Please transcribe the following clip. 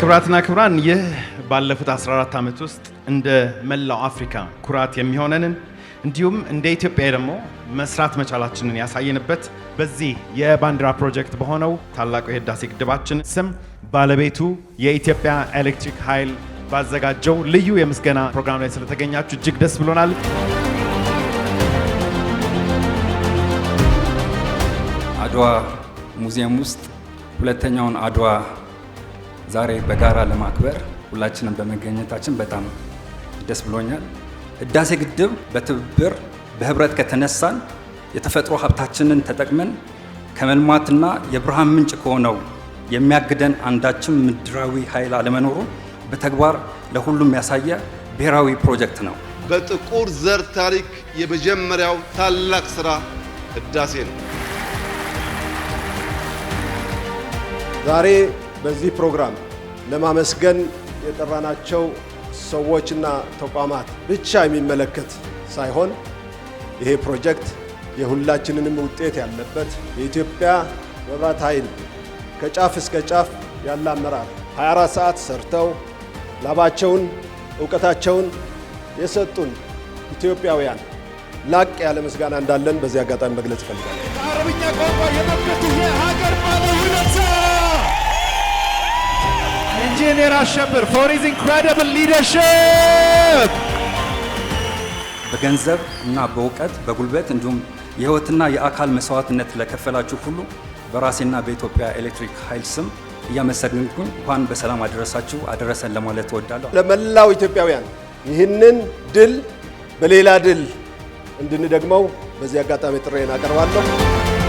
ክብራትና ክብራን ይህ ባለፉት 14 ዓመት ውስጥ እንደ መላው አፍሪካ ኩራት የሚሆነንን እንዲሁም እንደ ኢትዮጵያ ደግሞ መስራት መቻላችንን ያሳየንበት በዚህ የባንዲራ ፕሮጀክት በሆነው ታላቁ የህዳሴ ግድባችን ስም ባለቤቱ የኢትዮጵያ ኤሌክትሪክ ኃይል ባዘጋጀው ልዩ የምስጋና ፕሮግራም ላይ ስለተገኛችሁ እጅግ ደስ ብሎናል። አድዋ ሙዚየም ውስጥ ሁለተኛውን አድዋ ዛሬ በጋራ ለማክበር ሁላችንም በመገኘታችን በጣም ደስ ብሎኛል። ህዳሴ ግድብ በትብብር በህብረት ከተነሳን የተፈጥሮ ሀብታችንን ተጠቅመን ከመልማትና የብርሃን ምንጭ ከሆነው የሚያግደን አንዳችም ምድራዊ ኃይል አለመኖሩ በተግባር ለሁሉም ያሳየ ብሔራዊ ፕሮጀክት ነው። በጥቁር ዘር ታሪክ የመጀመሪያው ታላቅ ስራ ህዳሴ ነው። ዛሬ በዚህ ፕሮግራም ለማመስገን የጠራናቸው ሰዎችና ተቋማት ብቻ የሚመለከት ሳይሆን ይሄ ፕሮጀክት የሁላችንንም ውጤት ያለበት የኢትዮጵያ መብራት ኃይል ከጫፍ እስከ ጫፍ ያለ አመራር 24 ሰዓት ሰርተው ላባቸውን እውቀታቸውን የሰጡን ኢትዮጵያውያን ላቅ ያለ ምስጋና እንዳለን በዚህ አጋጣሚ መግለጽ ይፈልጋል። የሚያሸብር ፎር ሂዝ ኢንክሬዲብል ሊደርሺፕ በገንዘብ እና በእውቀት በጉልበት እንዲሁም የህይወትና የአካል መስዋዕትነት ለከፈላችሁ ሁሉ በራሴና በኢትዮጵያ ኤሌክትሪክ ኃይል ስም እያመሰግንኩኝ እንኳን በሰላም አደረሳችሁ አደረሰን ለማለት እወዳለሁ። ለመላው ኢትዮጵያውያን ይህንን ድል በሌላ ድል እንድንደግመው በዚህ አጋጣሚ ጥሬን አቀርባለሁ።